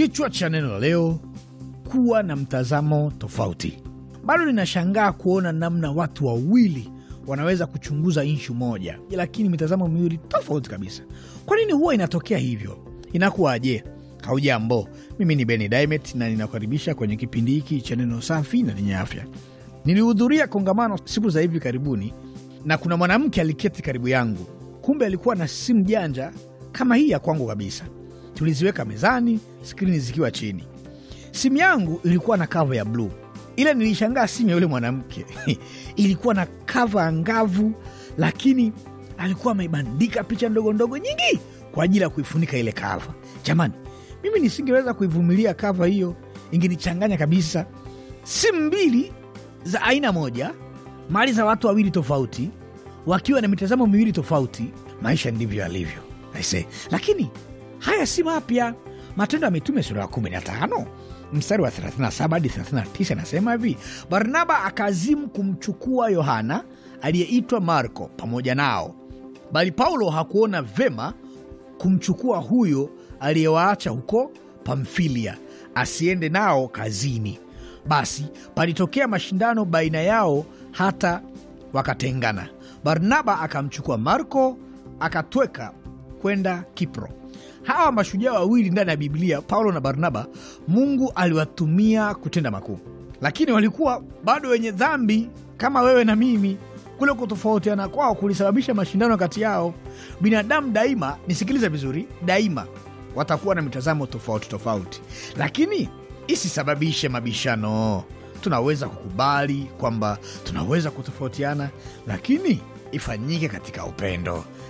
Kichwa cha neno la leo, kuwa na mtazamo tofauti. Bado ninashangaa kuona namna watu wawili wanaweza kuchunguza ishu moja, lakini mitazamo miwili tofauti kabisa. Kwa nini huwa inatokea hivyo? Inakuwaje? Haujambo, mimi ni Beni Dimet na ninakukaribisha kwenye kipindi hiki cha neno safi na lenye afya. Nilihudhuria kongamano siku za hivi karibuni, na kuna mwanamke aliketi karibu yangu, kumbe alikuwa na simu janja kama hii ya kwangu kabisa tuliziweka mezani, skrini zikiwa chini. Simu yangu ilikuwa na kava ya bluu, ila nilishangaa simu ya yule mwanamke ilikuwa na kava angavu, lakini alikuwa amebandika picha ndogo ndogo nyingi kwa ajili ya kuifunika ile kava. Jamani, mimi nisingeweza kuivumilia kava hiyo, ingenichanganya kabisa. Simu mbili za aina moja, mali za watu wawili tofauti, wakiwa na mitazamo miwili tofauti. Maisha ndivyo yalivyo, Lakini haya si mapya. Matendo ya Mitume sura ya 15 mstari wa 37 hadi 39 anasema hivi: Barnaba akazimu kumchukua Yohana aliyeitwa Marko pamoja nao, bali Paulo hakuona vema kumchukua huyo aliyewaacha huko Pamfilia, asiende nao kazini. Basi palitokea mashindano baina yao, hata wakatengana. Barnaba akamchukua Marko akatweka kwenda Kipro hawa mashujaa wawili ndani ya Biblia, Paulo na Barnaba, Mungu aliwatumia kutenda makuu, lakini walikuwa bado wenye dhambi kama wewe na mimi. Kule kutofautiana kwao kulisababisha mashindano kati yao. Binadamu daima, nisikilize vizuri, daima watakuwa na mitazamo tofauti tofauti, lakini isisababishe mabishano. Tunaweza kukubali kwamba tunaweza kutofautiana, lakini ifanyike katika upendo